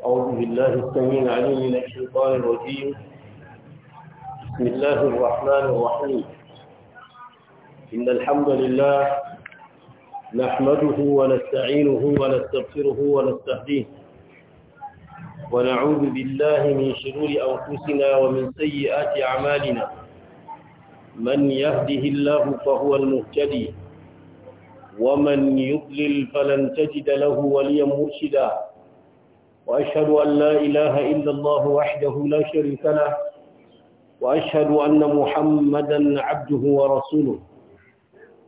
أعوذ بالله السميع العليم من الشيطان الرجيم بسم الله الرحمن الرحيم إن الحمد لله نحمده ونستعينه ونستغفره ونستهديه ونعوذ بالله من شرور أنفسنا ومن سيئات أعمالنا من يهده الله فهو المهتدي ومن يضلل فلن تجد له وليا مرشدا وأشهد أن لا إله إلا الله وحده لا شريك له وأشهد أن محمدا عبده ورسوله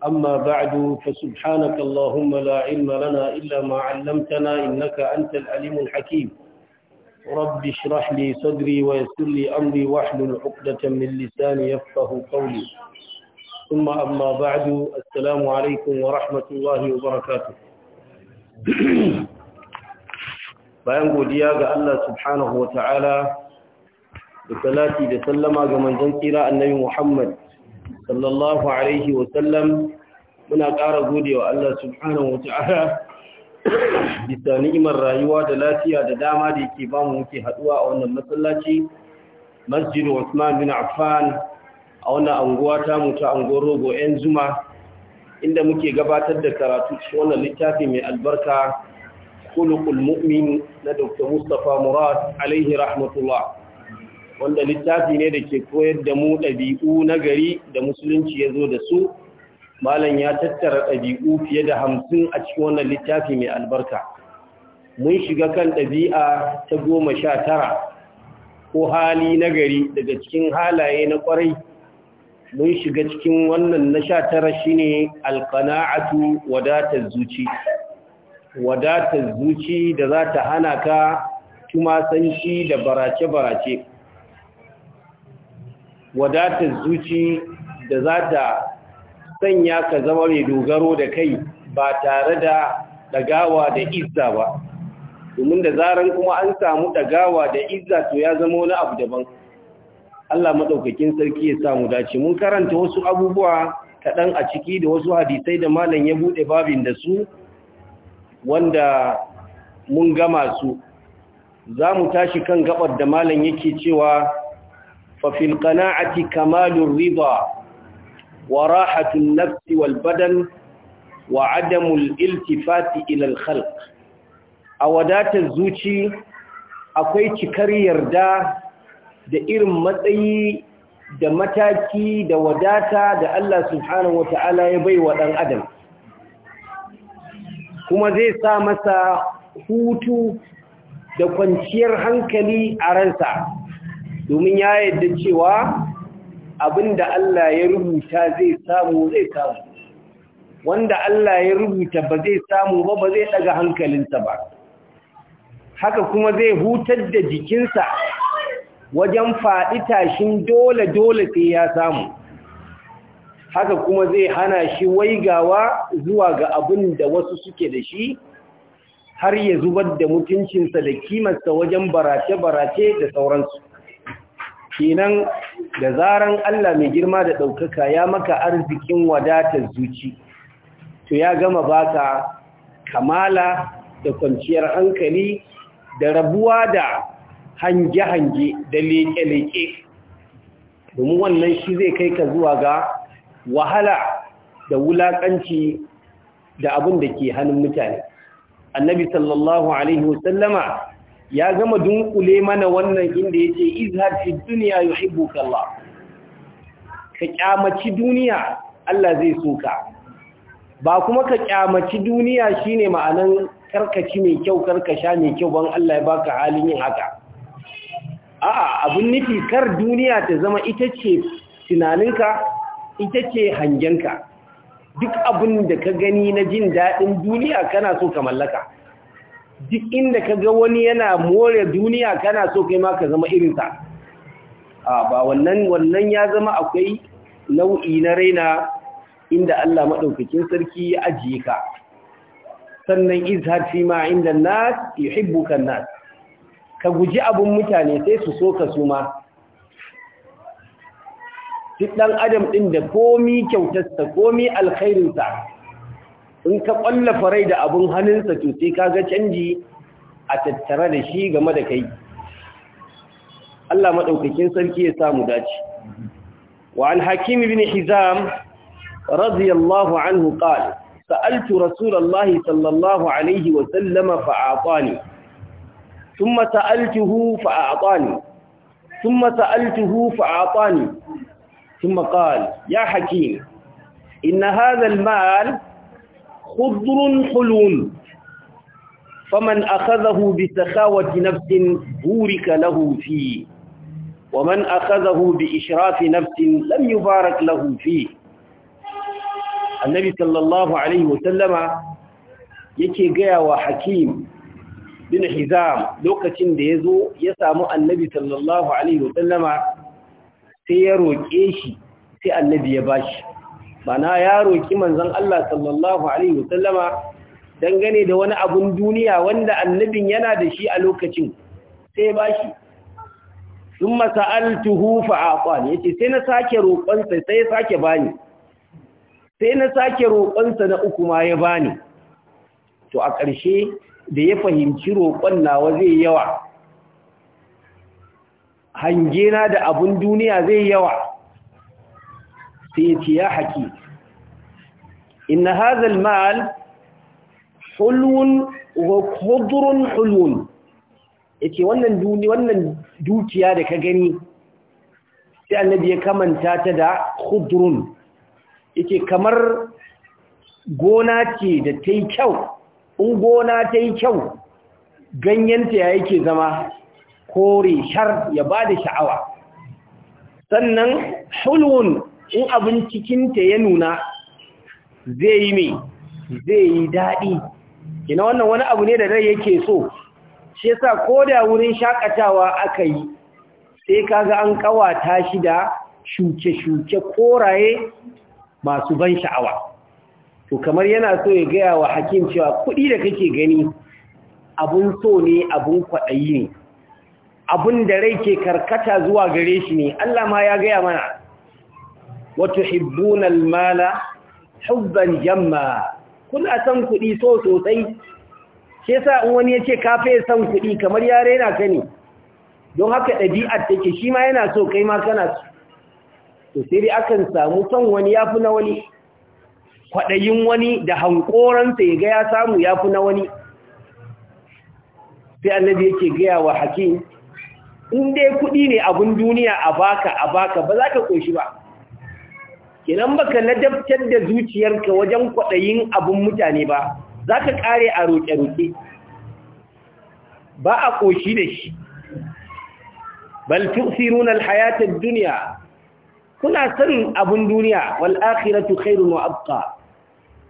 أما بعد فسبحانك اللهم لا علم لنا إلا ما علمتنا إنك أنت العليم الحكيم رب اشرح لي صدري ويسر لي أمري واحلل عقدة من لساني يفقه قولي ثم أما بعد السلام عليكم ورحمة الله وبركاته bayan godiya ga Allah subhanahu wa ta'ala da salati da sallama ga manzan tsira annabi Muhammad sallallahu alaihi wa sallam muna ƙara godewa Allah subhanahu wa ta'ala bisa ni'imar rayuwa da lafiya da dama da yake ba mu muke haɗuwa a wannan masallaci Masjid Usman bin Affan a wannan anguwa ta mu anguwar Rogo 'yan Zuma inda muke gabatar da karatu wannan littafi mai albarka khuluqul mu'min na Dr. Mustapha Murad alaihi rahmatullah wanda littafi ne da ke koyar da mu ɗabi'u na gari da musulunci ya zo da su malam ya tattara ɗabi'u fiye da hamsin a cikin wannan littafi mai albarka mun shiga kan ɗabi'a ta goma sha tara ko hali na gari daga cikin halaye na ƙwarai mun shiga cikin wannan na sha tara shine alƙana'atu wadatar zuci wadatar zuci da za ta hana ka tumasanci da barace-barace wadatar zuci da za ta sanya ka zama mai dogaro da kai ba tare da ɗagawa da izza ba domin da zaran kuma an samu ɗagawa da izza to ya zama wani abu daban Allah maɗaukakin sarki ya samu dace mun karanta wasu abubuwa kaɗan a ciki da wasu hadisai da malam ya buɗe babin da su wanda mun gama su za mu tashi kan gabar da malam yake cewa fafil qana'ati kamalur rida wa rahatun nafsi wal badan wa adamul iltifati ilal khalq a wadatar zuci akwai cikar yarda da irin matsayi da mataki da wadata da Allah subhanahu Ta'ala ya bai wa dan adam kuma zai sa masa hutu da kwanciyar hankali a ransa domin ya yadda cewa abinda Allah ya rubuta zai samu zai samu wanda Allah ya rubuta ba zai samu ba ba zai daga hankalinsa ba haka kuma zai hutar da jikinsa wajen faɗi tashin dole-dole sai ya samu haka kuma zai hana shi waigawa zuwa ga abin da wasu suke da shi har ya zubar da mutuncinsa da kimarsa wajen barace-barace da sauransu kenan da zaran Allah mai girma da ɗaukaka ya maka arzikin wadatar zuci to ya gama baka kamala da kwanciyar hankali da rabuwa da hange-hange da leke-leke domin wannan shi zai kai ka zuwa ga wahala da wulakanci da abin da ke hannun mutane annabi sallallahu alaihi wasallama ya gama dunkule mana wannan inda ya yace izhar fi ya yuhibbuka Allah ka kyamaci duniya Allah zai so ba kuma ka kyamaci duniya shi shine ma'anan karkaci mai kyau karkasha mai kyau ban Allah ya baka halin yin haka a'a abin nufi kar duniya ta zama ita ce tunaninka ita ce hangenka duk abin da ka gani na jin daɗin duniya kana so ka mallaka duk inda ka ga wani yana more duniya kana so kai ma ka zama irinsa a ba wannan wannan ya zama akwai nau'i na raina inda Allah maɗaukakin sarki ya ajiye ka sannan izhar fi ma inda nas yuhibbuka nas ka guji abin mutane sai su so ka suma duk ɗan adam ɗin da komi kyautarsa komi alkhairinsa in ka ƙwallafa rai da abin hannunsa to sai ka ga canji a tattara da shi game da kai Allah maɗaukakin sarki ya samu dace wa al ibn hizam radiyallahu anhu qala sa'altu rasulullahi sallallahu alaihi wa sallama fa'atani thumma sa'altuhu fa'atani ثم سألته فأعطاني ثم قال يا حكيم إن هذا المال خضر حلو فمن أخذه بسخاوة نفس بورك له فيه ومن أخذه بإشراف نفس لم يبارك له فيه النبي صلى الله عليه وسلم yake gaya wa hakim bin hizam lokacin da ya zo ya samu annabi sallallahu alaihi sai ya roƙe shi sai annabi ya bashi bana ya roƙi manzon Allah sallallahu alaihi wasallama dangane da wani abun duniya wanda annabin yana da shi a lokacin sai ya bashi a sa'altuhu Ya yace sai na sake roƙonsa sai ya sake ba bani sai na sake roƙonsa na uku ma ya bani to a ƙarshe da ya fahimci roƙon nawa zai yawa hangena da abun duniya zai yawa sai ya ce ya haƙi inna hazal ma'al hulun wa kudurun ya ce wannan dukiya da ka gani sai annabi ya kamanta ta da kudurun ya ce kamar gona ce da ta yi kyau in gona ta yi kyau ganyenta ya yake zama kore shar ya ba da sha'awa sannan hulun in abin cikinta ya nuna zai yi mai zai yi daɗi ina wannan wani abu ne da rai yake so shi yasa ko da wurin shakatawa aka yi sai kaga an kawata shi da shuke-shuke koraye masu ban sha'awa to kamar yana so ya gaya wa hakim cewa kuɗi da kake gani abun so ne abun kwaɗayi ne abin da rai ke karkata zuwa gare shi ne Allah ma ya gaya mana wato hibbunan mala hubban jamma kuna san kuɗi so sosai shi yasa in wani ya ce ka ya san kuɗi kamar yare yana kani? don haka ɗabi'ar take shi ma yana so kai ma kana so to dai akan samu son wani ya fi na wani kwaɗayin wani da hankoransa ya ga ya samu ya fi na wani sai annabi yake gaya wa hakim in dai kuɗi ne abun duniya a baka a baka ba za ka ƙoshi ba kenan baka ladabtar da zuciyarka wajen kwaɗayin abun mutane ba za ka kare a roƙe-roƙe ba a ƙoshi da shi bal tu'thirun hayatar duniya ad-dunya kuna san abun duniya wal akhiratu khairun wa abqa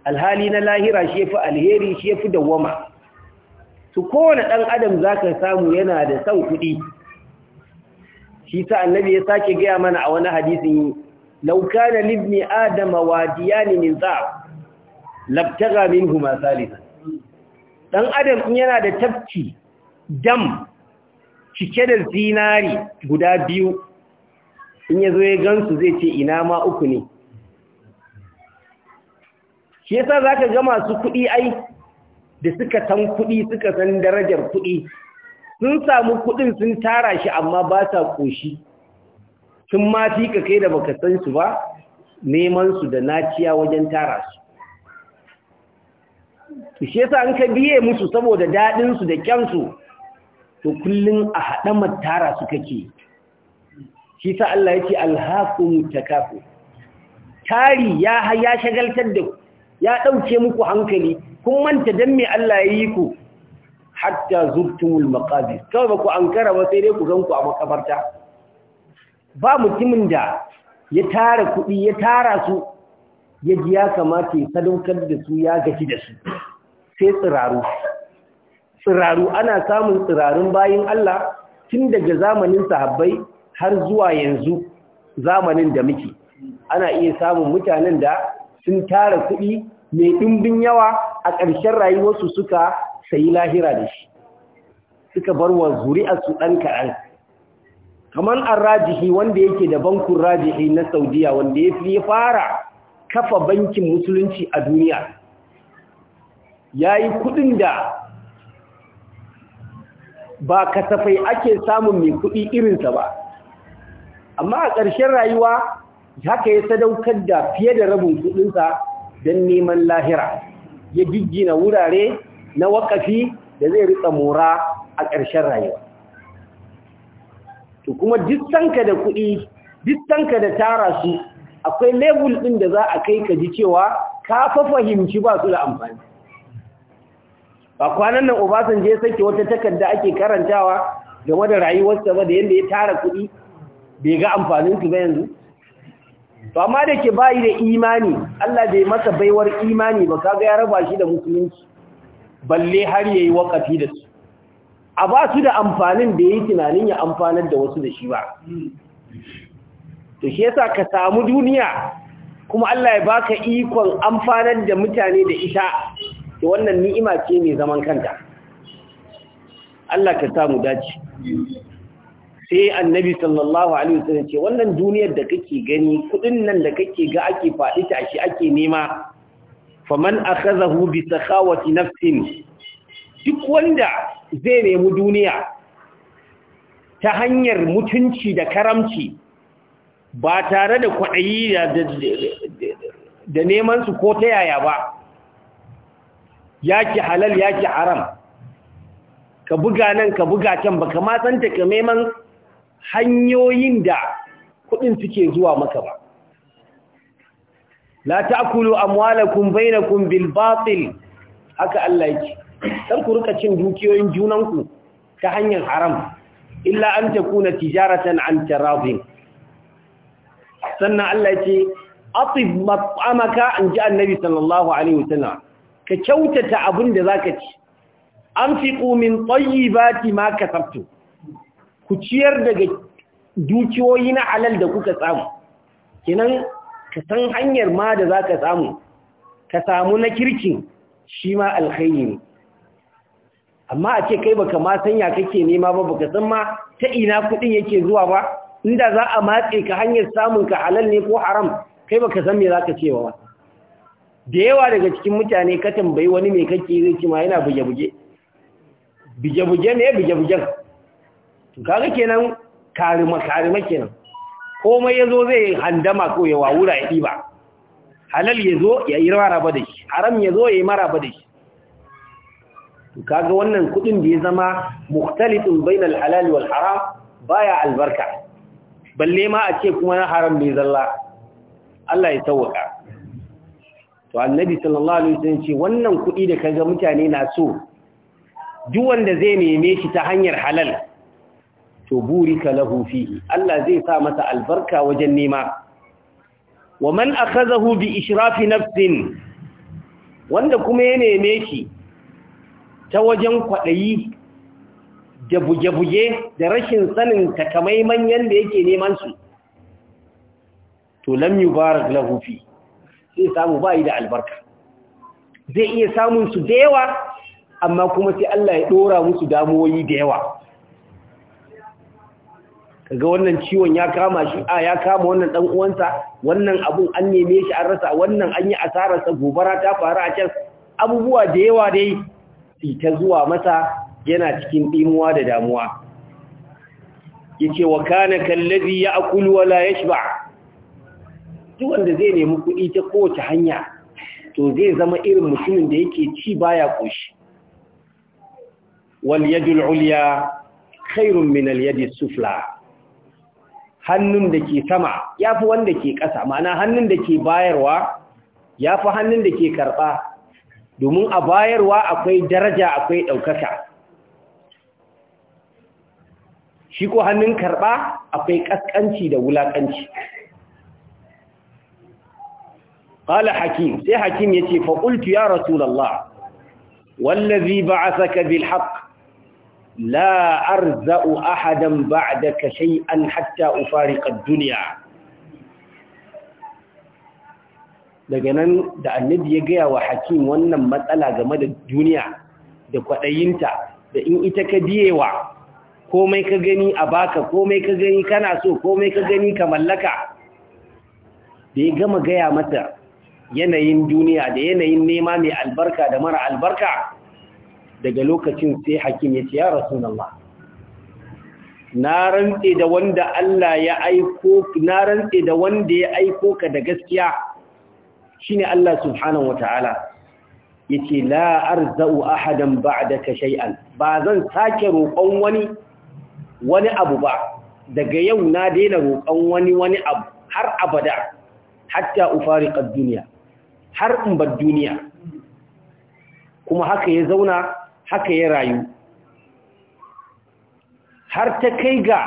alhali na lahira shi yafi alheri shi yafi dawama to kowane ɗan adam zaka samu yana da sau kuɗi. shi sa annabi ya sake gaya mana a wani hadisin law kana libni adama wa diyani min za'ab min huma salisa dan adam in yana da tafki dam cike da zinari guda biyu in yazo ya gansu zai ce ina ma uku ne shi yasa zaka ga masu kuɗi ai da suka san kuɗi suka san darajar kuɗi sun samu kuɗin sun tara shi amma ba sa ƙoshi sun ma ka kai da baka san su ba neman su da naciya wajen tara su to shi yasa an ka biye musu saboda daɗinsu su da kyansu to kullun a mat tara su kake shi sa Allah yake alhaqu mutakafu tari ya ya shagaltar da ya dauke muku hankali kun manta dan me Allah ya yi ku hatta zurtumul maqabir kawai ba ku ankara ba sai dai ku ganku a makabarta ba mutumin da ya tara kuɗi ya tara su ya ji ya kamata ya sadaukar da su ya gaji da su sai tsiraru tsiraru ana samun tsirarun bayin Allah tun daga zamanin sahabbai har zuwa yanzu zamanin da muke ana iya samun mutanen da sun tara kuɗi mai ɗimbin yawa a ƙarshen rayuwarsu suka sayi lahira da shi suka bar wa zuri'arsu ɗan kaɗan kamar an rajihi wanda yake da bankun rajihi na saudiya wanda ya fi fara kafa bankin musulunci a duniya ya yi kudin da ba kasafai ake samun mai kudi irinsa ba amma a ƙarshen rayuwa haka ya sadaukar da fiye da rabin kudinsa don neman lahira ya giggina wurare na wakafi da zai ritsa mora a ƙarshen rayuwa to kuma distanka da kuɗi distanka da tara su akwai lebul ɗin da za a kai ka ji cewa ka fa fahimci ba su da amfani ba kwanan nan obasan ya sake wata takarda ake karantawa game da rayuwarsa ba da yadda ya tara kuɗi bai ga amfaninsu ba yanzu to amma da ke bayi da imani Allah bai masa baiwar imani ba kaga ya raba shi da musulunci balle har yayi wakati da su a ba su da amfanin da yayi tunanin ya amfanar da wasu da shi ba to shi yasa ka samu duniya kuma Allah ya baka ikon amfanar da mutane da ita to wannan ni'ima ce mai zaman kanta Allah ka samu dace sai annabi sallallahu alaihi wasallam ce wannan duniyar da kake gani kudin nan da kake ga ake faɗi ta shi ake nema faman akhazahu bi sakhawati nafsin duk wanda zai nemi duniya ta hanyar mutunci da karamci ba tare da kwaɗayi da neman su ko ta yaya ba yaki halal yaki haram ka buga nan ka buga can baka ma san takamaiman hanyoyin da kudin suke zuwa maka ba la ta'kulu amwalakum bainakum bil batil haka Allah yake kar ku rika cin dukiyoyin junanku ta hanyar haram illa an takuna tijaratan an taradin sannan Allah yake atib mat'amaka an ji annabi sallallahu alaihi wasallam ka kyautata abin da zaka ci anfiqu min tayyibati ma kasabtu ku ciyar daga dukiyoyi na halal da kuka samu kenan ka san hanyar ma da za ka samu ka samu na kirkin shi ma alkhairi ne amma a ce kai baka ma sanya kake nema ba baka san ma ta ina kudin yake zuwa ba inda za a matse ka hanyar samun ka halal ne ko haram kai baka san me za ka ce ba da yawa daga cikin mutane ka tambayi wani me kake zai ce ma yana buge buge buge buge ne buge bugen kaga kenan karima karima kenan komai ya zo zai handama ko ya wawura ya ɗiba halal ya zo ya yi maraba da shi haram ya zo ya yi maraba da shi kaga wannan kudin da ya zama muktalitun bayan alhalali wal haram baya albarka balle ma a ce kuma na haram bai zalla Allah ya tawaka to annabi sallallahu alaihi wasallam ce wannan kudi da kaga mutane na so duk wanda zai neme shi ta hanyar halal to burika lahu fihi Allah zai sa masa albarka wajen nema wa man akhazahu bi ishrafi nafsin wanda kuma ya neme shi ta wajen kwaɗayi da buge-buge da rashin sanin takamaiman yadda yake neman su to lam yubarak lahu fi sai samu bai da albarka zai iya samun su da yawa amma kuma sai Allah ya dora musu damuwoyi da yawa kaga wannan ciwon ya kama shi a ya kama wannan dan uwansa wannan abun an neme shi an rasa wannan an yi asararsa gobara ta faru a can abubuwa da yawa dai su ta zuwa masa yana cikin dimuwa da damuwa yace wa kana kallazi ya'kul wa la yashba duk wanda zai nemi kuɗi ta kowace hanya to zai zama irin mutumin da yake ci baya koshi wal yadul ulya khairun min al yadi sufla hannun da ke sama ya fi wanda ke ƙasa mana hannun da ke bayarwa ya fi hannun da ke karɓa domin a bayarwa akwai daraja akwai ɗaukaka shi ko hannun karɓa akwai ƙasƙanci da wulaƙanci ƙala hakim sai hakim ya ce faƙultu ya rasulallah wallazi ba a saka bilhaq لا أرزأ ahadan بعدك شيئا حتى أفارق الدنيا daga nan da annabi ya gaya wa hakim wannan matsala game da duniya da kwaɗayinta da in ita ka biyewa komai ka gani a baka komai ka gani kana so komai ka gani ka mallaka da ya gama gaya mata yanayin duniya da yanayin nema mai albarka da mara albarka daga lokacin sai hakim ya ce ya rasulullah na rantse da wanda Allah ya aiko na rantse da wanda ya aiko ka da gaskiya shine Allah subhanahu wataala yace la arzau ahadan ba'daka shay'an ba zan sake roƙon wani wani abu ba daga yau na daina roƙon wani wani abu har abada hatta ufariqa ad har in bar duniya kuma haka ya zauna haka ya rayu har ta kai ga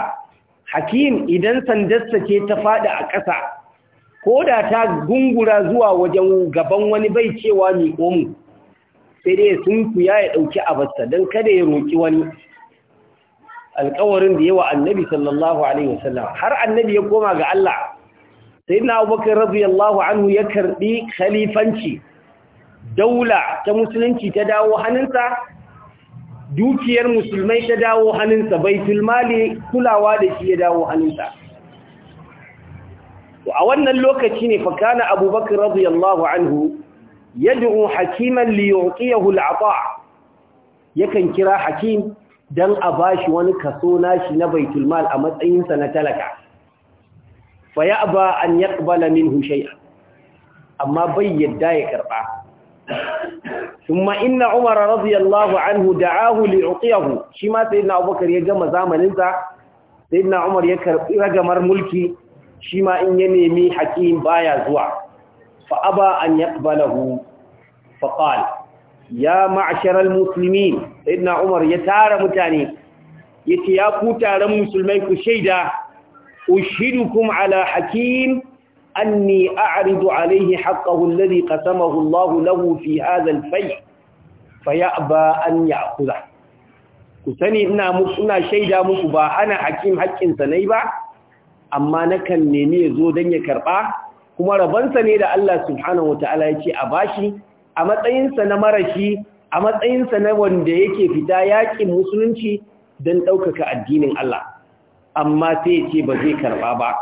hakim idan sandarsa ce ta fada a ƙasa ko da ta gungura zuwa wajen gaban wani bai cewa mai omu sai dai sun kuya ya ɗauki abarsa don kada ya roƙi wani alƙawarin da yawa annabi sallallahu alaihi wasallam har annabi ya koma ga Allah sai na abubakar radiyallahu anhu ya karɓi khalifanci daula ta musulunci ta dawo hannunsa dukiyar musulmai ta dawo hannunsa bai tulmali kulawa da shi ya dawo hannunsa a wannan lokaci ne fakana abubakar radiyallahu anhu yad'u hakiman li yu'tiyahu yakan kira hakim dan a bashi wani kaso nashi na baitulmal a matsayinsa na talaka fa ya'ba an yakbala min shay'an amma bai yadda ya karba ثم إن عمر رضي الله عنه دعاه ليعطيه شما سيدنا أبو بكر يجمع زامن انت سيدنا عمر يجمع ملكي شما إن ينمي حكيم بايا زوع فأبى أن يقبله فقال يا معشر المسلمين سيدنا عمر يتارى متاني يتياكو تارى مسلمين كشيدا أشهدكم على حكيم أني أعرض عليه حقه الذي قسمه الله له في هذا الفيء فيأبى أن يأخذه kusani ina shaida muku ba ana hakim haƙƙinsa na yi ba amma na kan nemi ya zo don ya karɓa kuma rabonsa ne da Allah subhanahu wata'ala ya ce a bashi a matsayinsa na marashi a matsayinsa na wanda yake fita yaƙin musulunci don ɗaukaka addinin Allah amma sai ce ba zai karɓa ba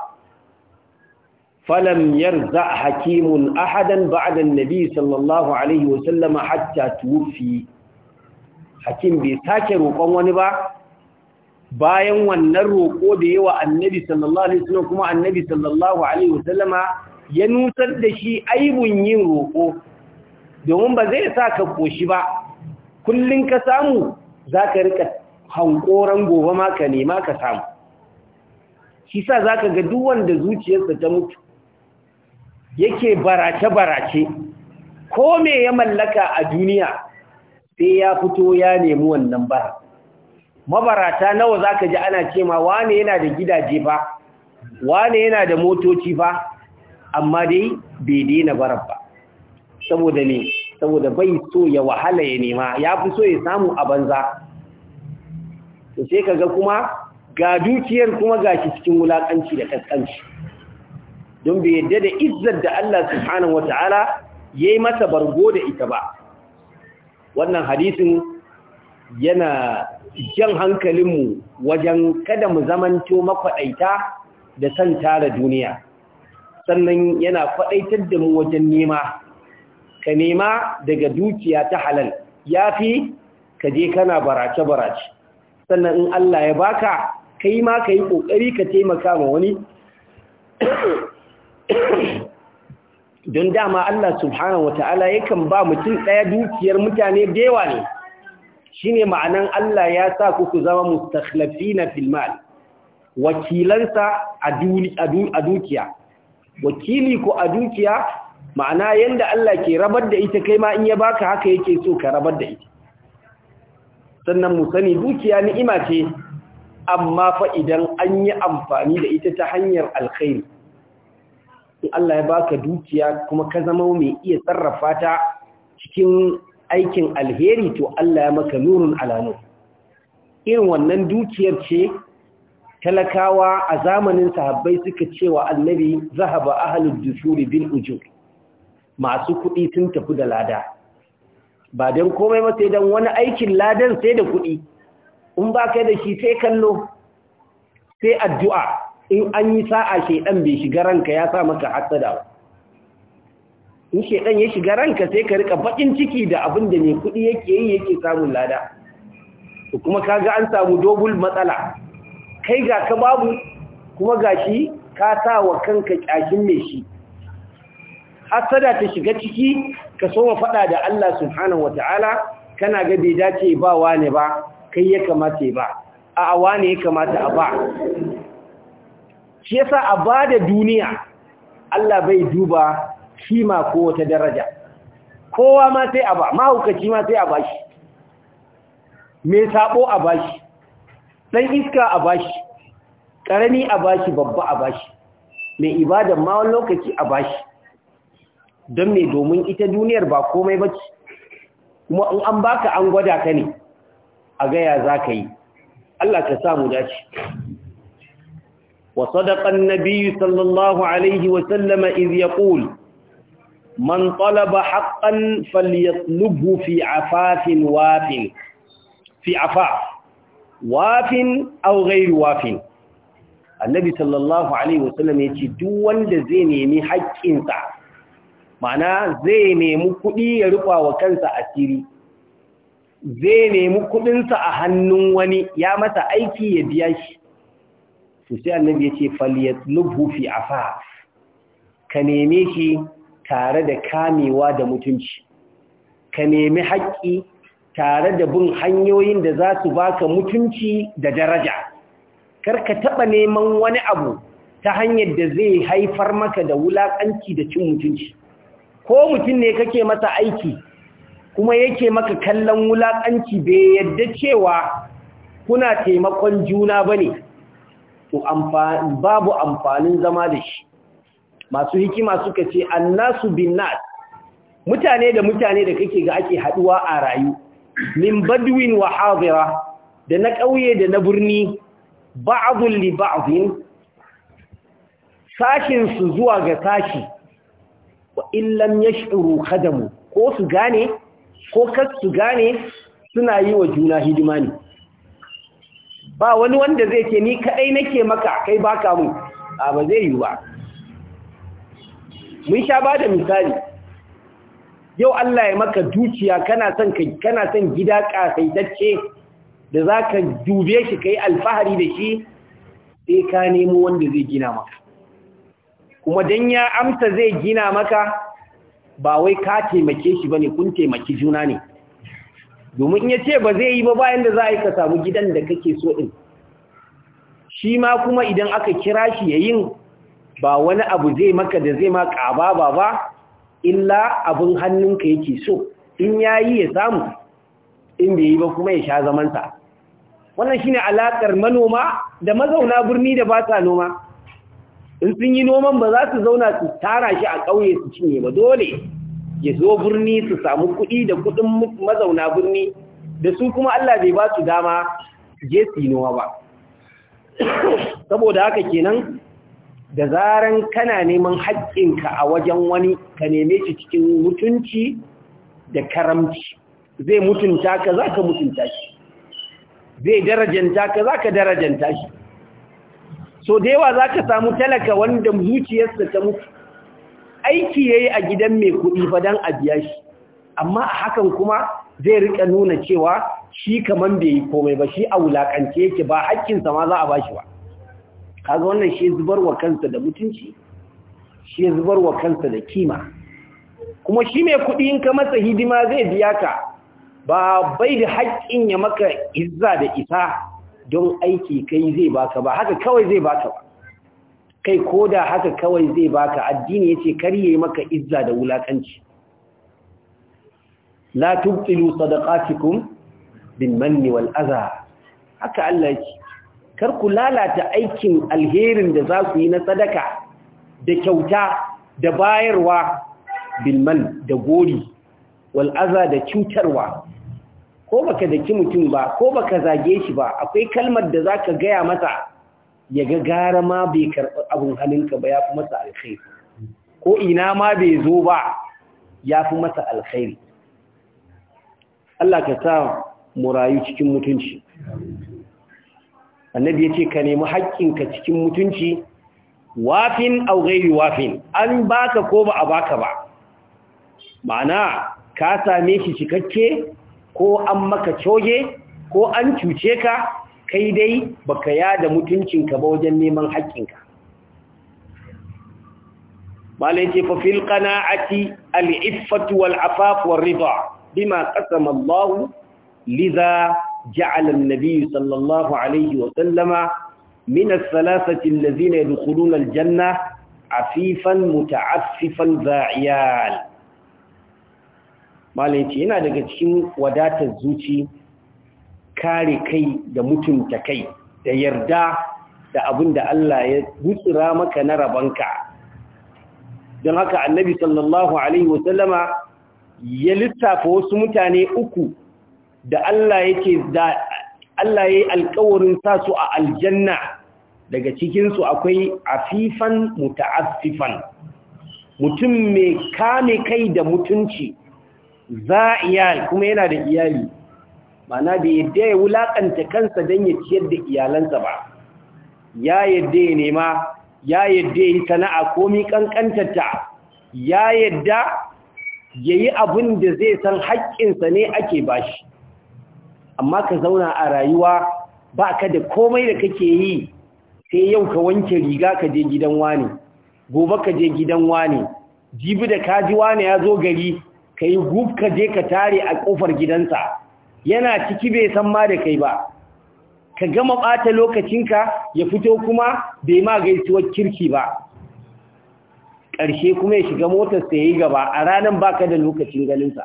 falam yarza hakimun ahadan ba'da annabi sallallahu alaihi wasallama hatta tufi hakim bai sake roƙon wani ba bayan wannan roƙo da yawa annabi sallallahu alaihi wasallam kuma annabi sallallahu alaihi wasallama ya nutsar da shi aibun yin roƙo domin ba zai sa ka koshi ba kullun ka samu zaka rika hankoran gobe ma ka nema ka samu shi sa zaka ga duk wanda zuciyarsa ta mutu yake barace-barace ko me ya mallaka a duniya sai ya fito ya nemi wannan bara mabarata nawa zaka ji ana ce wane yana da gidaje fa wane yana da motoci fa amma dai bai daina barar ba saboda ne saboda bai so ya wahala ya nema ya fi so ya samu a banza to ka ga kuma ga dukiyar kuma gashi cikin wulakanci da kaskanci don bai yadda da izzar da Allah subhanahu ya yi masa bargo da ita ba wannan hadisin yana jan hankalinmu wajen kada mu zamanto makwaɗaita da san tara duniya sannan yana kwaɗaitar da mu wajen nema ka nema daga dukiya ta halal ya fi ka je kana barace-barace sannan in Allah ya baka kai ma ka yi ƙoƙari ka taimaka ma wani don dama Allah subhanahu wata'ala yakan ba mutum ɗaya dukiyar mutane da yawa ne shine ma'anan Allah ya sa ku ku zama mustaklafi na filmal wakilansa a dukiya wakili ku a dukiya ma'ana yadda Allah ke rabar da ita kai ma in ya baka haka yake so ka rabar da ita sannan mu sani dukiya ni'ima ce amma fa idan an yi amfani da ita ta hanyar alkhairi in Allah ya baka dukiya kuma ka zama mai iya sarrafa ta cikin aikin alheri to Allah ya maka nurun alanu irin wannan dukiyar ce talakawa a zamanin sahabbai suka cewa annabi zahaba ahlud dusuri bil ujur masu kuɗi sun tafi da lada ba dan komai ba sai dan wani aikin ladan sai da kuɗi in ba kai da shi sai kallo sai addu'a in an yi sa'a shaidan bai shiga ranka ya sa maka hasada ba in shaidan ya shiga ranka sai ka rika baƙin ciki da abin da ne kuɗi yake yi yake samun lada to kuma kaga an samu dogul matsala kai ga ka babu kuma ga shi ka sa wa kanka kyashin mai shi hasada ta shiga ciki ka so soma faɗa da Allah subhanahu wataala kana ga bai dace ba wane ba kai ya kamata ba a awa ya kamata a ba shi yasa a bada duniya Allah bai duba kima ko wata daraja kowa ma sai a ba mahaukaci ma sai a bashi mai sabo a bashi dan iska a bashi karami a bashi babba a bashi mai ibadan ma wani lokaci a bashi don mai domin ita duniyar ba komai bace kuma in an baka an gwada ka ne a gaya za ka yi Allah ka samu dace وصدق النبي صلى الله عليه وسلم إذ يقول من طلب حقا فليطلبه في عفاف واف في عفاف واف أو غير واف النبي صلى الله عليه وسلم يتي دوان دزيني حق انسا معنى زيني مكدي يرقى وكنسا أسيري zai nemi kudinsa a hannun wani ya masa aiki ya biya shi to sai annabi ya ce falyatlubhu fi afa ka neme shi tare da kamewa da mutunci ka nemi haƙƙi tare da bin hanyoyin da za su baka mutunci da daraja kar ka taɓa neman wani abu ta hanyar da zai haifar maka da wulaƙanci da cin mutunci ko mutum ne kake masa aiki kuma yake maka kallon wulaƙanci bai yadda cewa kuna taimakon juna ba ne babu amfanin zama da shi masu hikima suka ce annasu binnat mutane da mutane da kake ga ake haduwa a rayu min badwin wa hadira da na kauye da na birni ba'dhu li ba'dhin sashin su zuwa ga sashi wa in lam yash'uru khadamu ko su gane ko kas su gane suna yi wa juna hidima ne ba wani wanda zai ce ni kadai nake maka kai baka mu a ba zai yi ba mun sha ba da misali yau Allah ya maka dukiya kana son kana son gida kasaitacce da zaka dube shi kai alfahari da shi sai ka nemo wanda zai gina maka kuma dan ya amsa zai gina maka ba wai ka taimake shi bane kun taimaki juna ne domin in ya ce ba zai yi ba bayan da za a yi ka samu gidan da kake so ɗin shi ma kuma idan aka kira shi ya yin ba wani abu zai maka da zai ma ƙaba ba ba illa abin hannunka yake so in ya yi ya samu in bai yi ba kuma ya sha zamansa wannan shine alaƙar manoma da mazauna birni da ba sa noma in sun yi noman ba za su zauna su tara shi a ƙauye su cinye ba dole ya zo birni su samu kuɗi da kuɗin mazauna birni da su kuma Allah bai ba su dama je sinuwa ba saboda haka kenan da zaran kana neman haƙƙinka a wajen wani ka neme shi cikin mutunci da karamci zai mutunta ka za ka mutunta shi zai darajanta ka za ka darajanta shi so da yawa za ka samu talaka wanda zuciyarsa ta mutu aiki ya yi a gidan mai kuɗi ba dan a biya shi amma a hakan kuma zai riƙa nuna cewa shi kamar bai yi komai ba shi a wulaƙance yake ba haƙƙinsa ma za a ba shi ba kaga wannan shi zubar wa kansa da mutunci shi zubar wa kansa da kima kuma shi mai kuɗi in ka masa hidima zai biya ka ba bai da haƙƙin ya maka izza da isa don aiki kai zai baka ba haka kawai zai baka ba kai ko da haka kawai zai baka addini yace kariye maka izza da wulakanci la tubtilu sadaqatikum bil manni wal adha haka Allah yake kar ku lalata aikin alherin da za ku yi na sadaka da kyauta da bayarwa bil man da gori wal adha da cutarwa ko baka daki mutum ba ko baka zage shi ba akwai kalmar da zaka gaya masa ya ga gara ma bai karɓi abin ka ba ya fi masa alkhairi ko ina ma bai zo ba ya fi masa alkhairi Allah ka sa mu rayu cikin mutunci annabi ya ce ka nemi ka cikin mutunci wafin au ghairi wafin an baka ko ba a baka ba ma'ana ka same shi cikakke ko an maka coge ko an cuce ka kai dai baka yada mutuncinka ba wajen neman haƙƙinka malai ce fa fil qana'ati al iffatu wal afaf war ridha bima qasama Allah ja'ala an-nabiy sallallahu alayhi wa sallama min ath-thalathati alladhina yadkhuluna al-janna afifan muta'affifan za'iyal malai ce yana daga cikin wadatar zuci. kare kai da mutunta kai da yarda da abin da Allah ya gutsura maka na rabanka don haka annabi sallallahu alaihi wasallama ya lissafa wasu mutane uku da Allah yake da Allah yayi alƙawarin sa su a aljanna daga cikin su akwai afifan muta'affifan mutum mai kame kai da mutunci za'iyal kuma yana da iyali mana bai yadda ya wulaƙanta kansa don ya ciyar da iyalansa ba ya yadda ya nema ya yadda ya yi sana'a komi ƙanƙantarta ya yadda ya yi abin da zai san haƙƙinsa ne ake bashi amma ka zauna a rayuwa ba ka da komai da kake yi sai yau ka wanke riga ka je gidan wani gobe ka je gidan wani jibi da kaji wani ya zo gari ka yi gub ka je ka tare a ƙofar gidansa yana ciki bai san ma da kai ba ka gama ɓata lokacinka ya fito kuma bai ma gaisuwar kirki ba ƙarshe kuma ya shiga motarsa ya yi gaba a ranar baka da lokacin ganinsa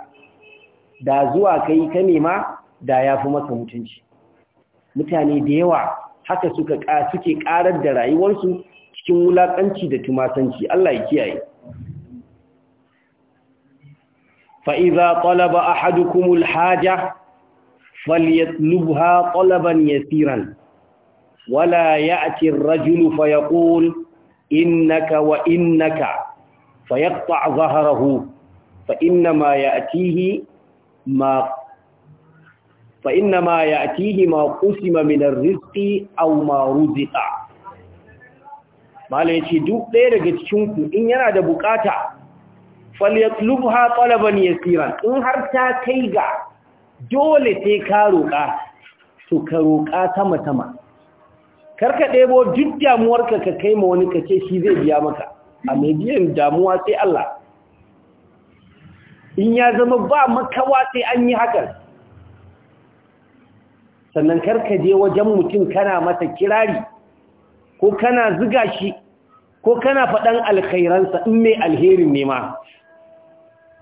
da zuwa ka yi ta nema da ya fi masa mutunci mutane da yawa haka suka suke ƙarar da rayuwarsu cikin wulaƙanci da tumasanci Allah ya kiyaye fa'iza ƙwalaba a hadukumul haja فليطلبها طلبا يسيرا ولا يأتي الرجل فيقول إنك وإنك فيقطع ظهره فإنما يأتيه ما فإنما يأتيه ما قسم من الرزق أو ما رزق ما ليش دوك دير جتشونك إن ينا دبكاتا فليطلبها طلبا يسيرا إن هرتا كيغا dole sai ka roƙa to ka roƙa sama sama karka ɗebo duk damuwarka ka kai ma wani ka ce shi zai biya maka a mai biyan damuwa sai Allah in ya zama ba makawa sai an yi hakan sannan karka je wajen mutum kana mata kirari ko kana ziga shi ko kana faɗan alkhairansa in mai alherin nema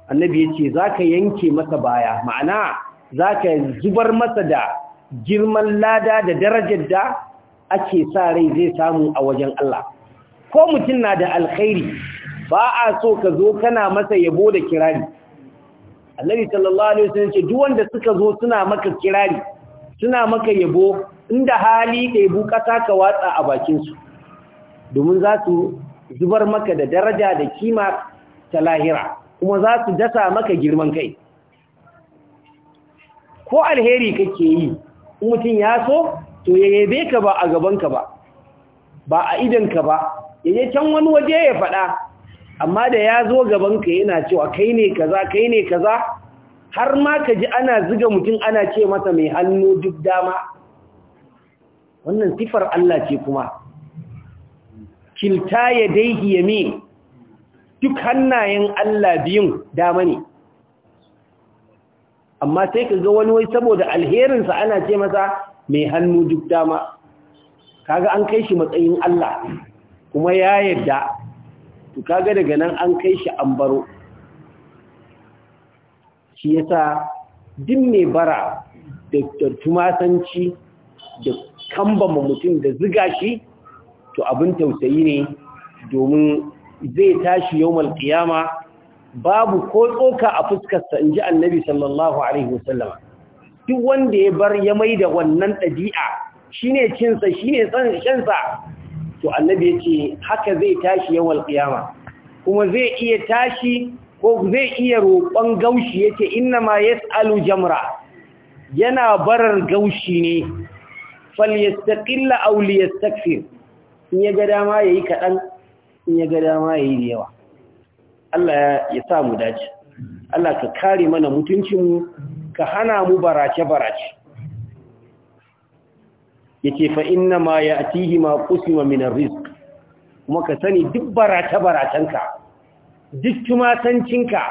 annabi ya ce za ka yanke masa baya ma'ana za ka zubar masa da girman lada da darajar da ake sa rai zai samu a wajen Allah ko mutum na da alkhairi ba a so ka zo kana masa yabo da kirari Annabi sallallahu alaihi wasallam ce duk wanda suka zo suna maka kirari suna maka yabo inda hali da yabo kasa ka watsa a bakin su domin za su zubar maka da daraja da kima ta lahira kuma za su dasa maka girman kai ko alheri kake yi mutum ya so to ya yabe ka ba a gabanka ba ba a idanka ba ya can wani waje ya faɗa amma da ya zo gabanka yana cewa kai ne kaza kai ne kaza har ma ka ji ana ziga mutum ana ce masa mai hannu duk dama wannan sifar Allah ce kuma kilta ya daihi yami duk hannayen Allah biyun dama ne amma sai ka ga wani wai saboda alherinsa ana ce masa mai hannu duk dama kaga an kai shi matsayin Allah kuma ya yarda, to kaga daga nan an kai shi ambaro. baro shi yasa din mai bara da tumasanci da kambama mutum da ziga shi to abin tausayi ne domin zai tashi yawmal qiyama babu ko tsoka a fuskarsa in ji annabi sallallahu alaihi wasallama duk wanda ya bar ya mai da wannan ɗabi'a shi ne cinsa shi ne shansa to annabi ya ce haka zai tashi yawan ƙiyama kuma zai iya tashi ko zai iya roƙon gaushi ya ce inna ma ya tsalu jamra yana barar gaushi ne falyastaƙilla auliyastakfir in ya ga dama ya yi kaɗan in ya ga dama ya yi da yawa Allah ya sa mu dace Allah ka kare mana mutuncinmu ka hana mu barace-barace yace fa inna ma ya'tihi ma qusima min ar kuma ka sani duk barace-baracenka duk tumatancinka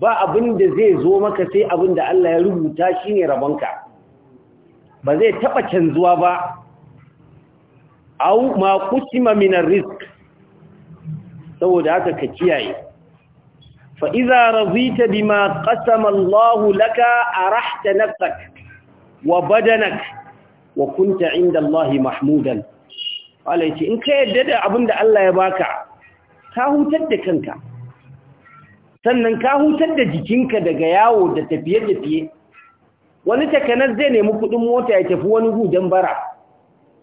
ba abin da zai zo maka sai abin da Allah ya rubuta shine rabon ka. ba zai taɓa canzuwa ba au ma qusima min ar saboda haka ka kiyaye فإذا رضيت بما قسم الله لك أرحت نفسك وبدنك in ka yarda da قال يتي إن كيدد أبند الله يباكع كاهو تدكنك sannan ka hutar da jikinka daga yawo da tafiye-tafiye wani takanar zai nemi kuɗin mota ya tafi wani gu bara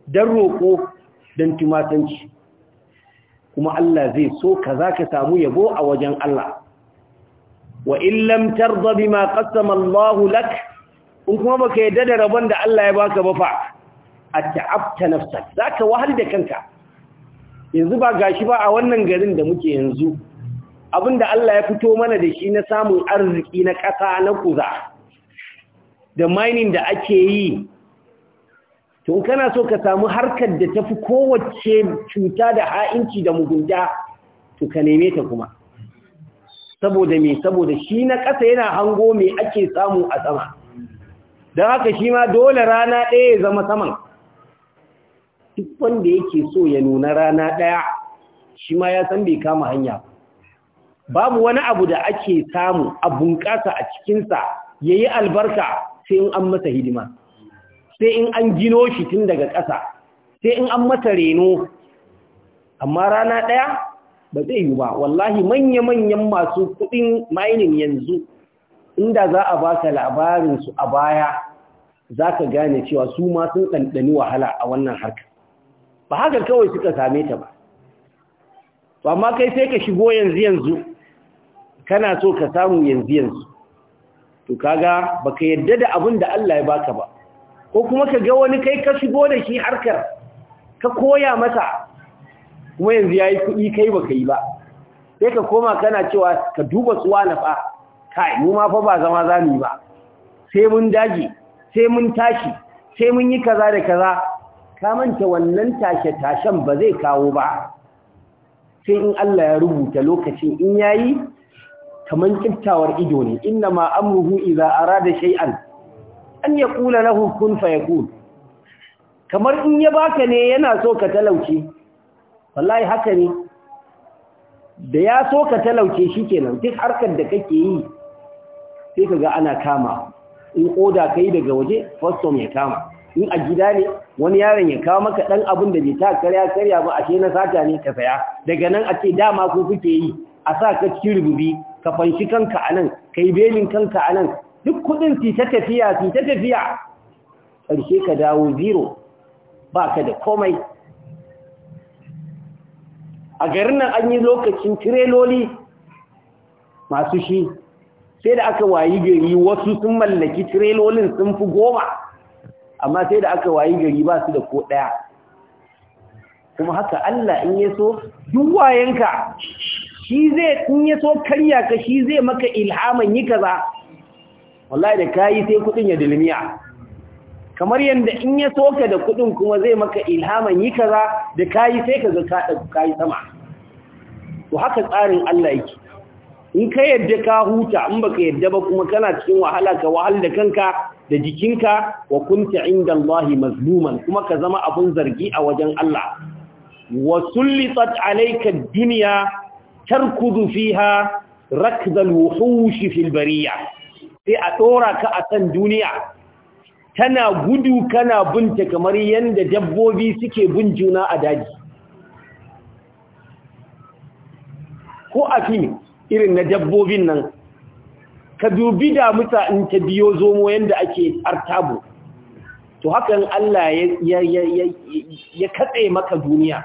don roƙo don tumatanci kuma Allah zai so ka za ka samu yabo a wajen Allah wa in lam tarda bima qasama Allah lak in kuma baka yadda da rabon da Allah ya baka ba fa at'abta nafsak zaka wahal da kanka yanzu ba gashi ba a wannan garin da muke yanzu abinda Allah ya fito mana da shi na samun arziki na ƙasa na kuza da mining da ake yi tun kana so ka samu harkar da tafi kowace cuta da ha'inci da mugunta to ka neme ta kuma saboda me saboda shi na ƙasa yana hango me ake samu a sama don haka shi ma dole rana ɗaya ya zama saman duk wanda yake so ya nuna rana ɗaya shi ma ya san bai kama hanya babu wani abu da ake samu a bunƙasa a cikinsa ya yi albarka sai in an masa hidima sai in an gino shi tun daga ƙasa sai in an masa reno amma rana ɗaya ba zai yi ba wallahi manya-manyan masu kuɗin mining yanzu inda za a baka labarinsu a baya za ka gane cewa su ma sun ɗanɗani wahala a wannan harkar ba haka kawai suka same ta ba to amma kai sai ka shigo yanzu yanzu kana so ka samu yanzu yanzu to kaga baka yadda da abin da Allah ya baka ba ko kuma ka ga wani kai ka shigo da shi harkar ka koya masa kuma yanzu yayi kuɗi kai baka yi ba sai ka koma kana cewa ka duba suwa na fa kai mu ma fa ba zama zamu ba sai mun daji, sai mun tashi sai mun yi kaza da kaza ka manta wannan tashe tashen ba zai kawo ba sai in Allah ya rubuta lokacin in yayi kaman kiftawar ido ne inna ma amruhu idza arada shay'an an yaqula lahu kun fayakun kamar in ya baka ne yana so ka talauce. wallahi haka ne da ya so ka talauce shi kenan duk harkar da kake yi sai ka ga ana kama in oda ka yi daga waje fostom ya kama in a gida ne wani yaron ya kawo maka ɗan abin da bai ta karya karya ba ashe na sata ne ka saya daga nan a ce dama ko kuke yi a sa ka cikin rububi ka fanshi kanka a nan ka yi belin kanka a nan duk kuɗin su ta tafiya su ta tafiya Karshe ka dawo zero ba ka da komai a garin nan an yi lokacin tireloli masu shi sai da aka wayi gari wasu sun mallaki tirelolin sun fi goma amma sai da aka wayi gari ba su da ko ɗaya kuma haka Allah in ya so duwayenka shi zai in ya so karya ka shi zai maka ilhaman yi kaza wallahi da kayi sai kudin ya dilmiya kamar yadda in ya soka da kudin kuma zai maka ilhaman yi kaza da kayi sai ka ga da kayi sama to haka tsarin Allah yake in ka yadda ka huta in baka yadda ba kuma kana cikin wahala ka wahal da kanka da jikinka wa kunta indallahi mazluman kuma ka zama abun zargi a wajen Allah wa sullitat alayka ad-dunya tarkudu fiha rakdal wuhush fil bariya sai a dora ka a san duniya tana gudu kana binta kamar yadda dabbobi suke bin juna a daji ko a fim irin na dabbobin nan ka dubi damuta in ta biyo zomo yadda ake artabo to hakan Allah ya, katse maka duniya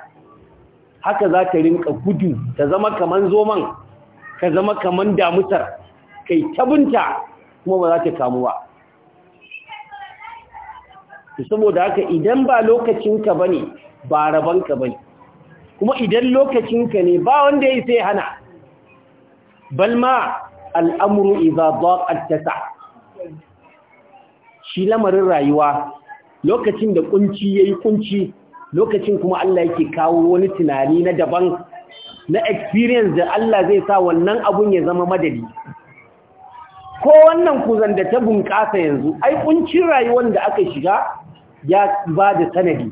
haka za ta rinka gudu ta zama kaman zoman ka zama kaman damutar kai ta bunta kuma ba za ta kamu ba saboda haka idan ba lokacinka bane ba rabanka bane kuma idan lokacinka ne ba wanda ya sai hana balma al'amuru iza tasa shi lamarin rayuwa lokacin da kunci yayi kunci lokacin kuma Allah yake kawo wani tunani na daban na experience da Allah zai sa wannan abun ya zama madadi ko wannan kuzan da ta bunƙasa yanzu ai kuncin rayuwar da aka shiga ya ba da sanadi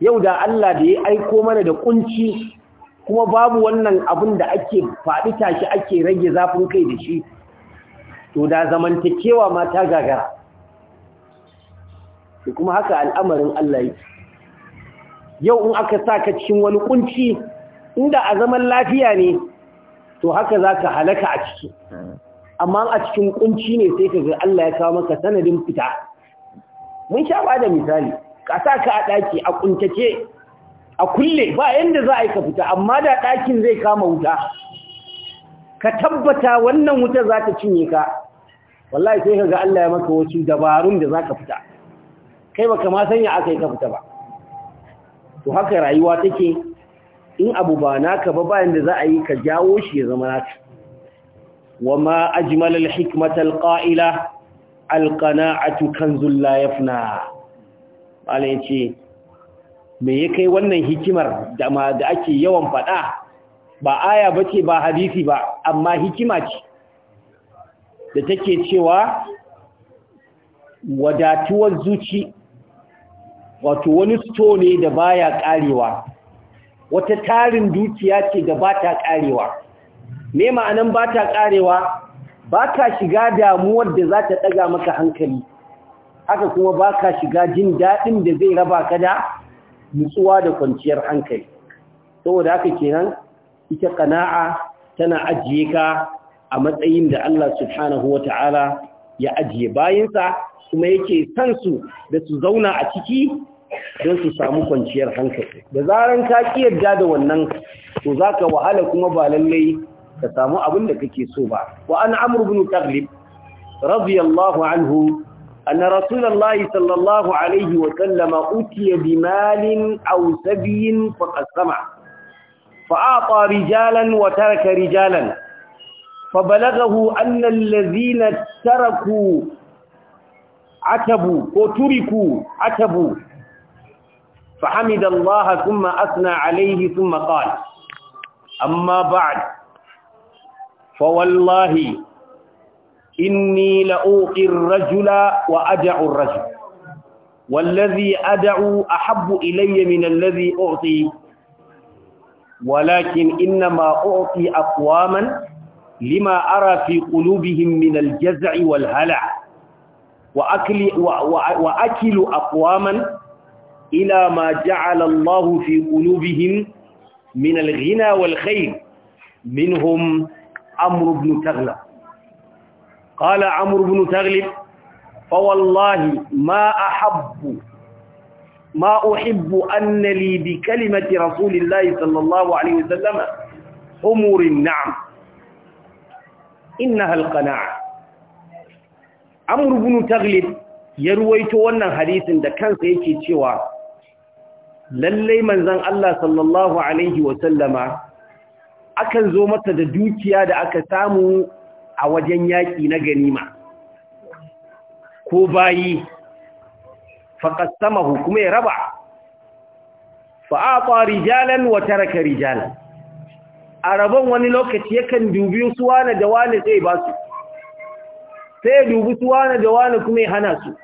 yau da Allah da ya aiko mana da kunci kuma babu wannan abin da ake faɗi tashi ake rage zafin kai da shi to da zamantakewa ma ta gagara kuma haka al'amarin Allah yake yau in aka sa ka cikin wani kunci inda a zaman lafiya ne to haka za ka halaka a ciki hmm. amma a cikin kunci ne sai ka ga Allah ya kawo maka sanadin fita mun sha ba da misali kasa ka a ɗaki a ƙuntace a kulle ba yanda za a yi ka fita amma da ɗakin zai kama wuta ka tabbata wannan wuta za ta cinye ka wallahi sai ka ga Allah ya maka wasu dabarun da za ka fita kai baka ma sanya aka yi ka fita ba to haka rayuwa take in abu ba naka ba bayan da za a yi ka jawo shi ya zama naka wa ma ajmalal hikmatal qa'ila zulla ya fina yafna ya ce me ya kai wannan hikimar da ma da ake yawan faɗa ba aya ba ce ba hadisi ba amma hikima ce da take cewa wadatuwar zuci wato wani sto ne da baya karewa wata tarin dukiya ce da ba ta karewa me ma'anan ba ta karewa ba ka shiga damuwar da za ta ɗaga maka hankali haka kuma ba ka shiga jin daɗin da zai raba ka da nutsuwa da kwanciyar hankali saboda haka kenan ita ƙana'a tana ajiye ka a matsayin da Allah subhanahu wa ta'ala ya ajiye bayansa kuma yake san su da su zauna a ciki don su samu kwanciyar hankali da zaran ka ƙi yarda da wannan to za ka wahala kuma ba lallai ka samu abin da kake so ba wa an amru bin taglib radiyallahu anhu anna rasulullahi sallallahu alaihi wa sallama utiya bi malin aw sabiyin fa qasama fa ata rijalan wa taraka rijalan fa balaghahu فبلغه أن الذين تركوا عتبوا وتركوا عتبوا فحمد الله ثم أثنى عليه ثم قال أما بعد فوالله إني لأوقي الرجل وأدع الرجل والذي أدع أحب إلي من الذي أعطي ولكن إنما أعطي أقواما لما أرى في قلوبهم من الجزع والهلع وأكل, وأكل أقواما إلى ما جعل الله في قلوبهم من الغنى والخير منهم عمرو بن تغلب قال عمرو بن تغلب فوالله ما أحب ما أحب أن لي بكلمة رسول الله صلى الله عليه وسلم حمر النعم إنها القناعة عمرو بن تغلب يرويت وانا حديث ده كان سيكي تشوى للي منزان الله صلى الله عليه وسلم akan zo masa da dukiya da aka samu a wajen yaƙi na ganima ko bayi faƙasamahu kuma ya raba fa'aƙwa rijalan wata raka rijalan a rabon wani lokaci yakan dubi su wane da wane sai ba su sai dubi su wane da wane kuma ya hana su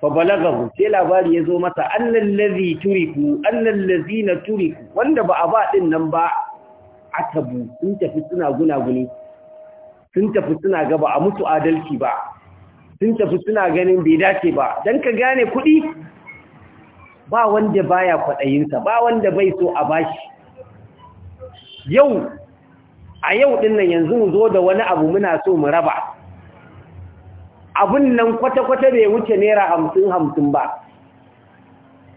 fa balagahu sai labari ya zo masa annal ladhi turiku annal ladhina turiku wanda ba a ba din nan ba atabu sun tafi suna gunaguni sun tafi suna ga a mutu adalci ba sun tafi suna ganin bai dace ba dan ka gane kuɗi ba wanda baya kwaɗayinsa ba wanda bai so a bashi yau a yau ɗin nan yanzu mu zo da wani abu muna so mu raba abin nan kwata-kwata bai wuce naira hamsin-hamsin ba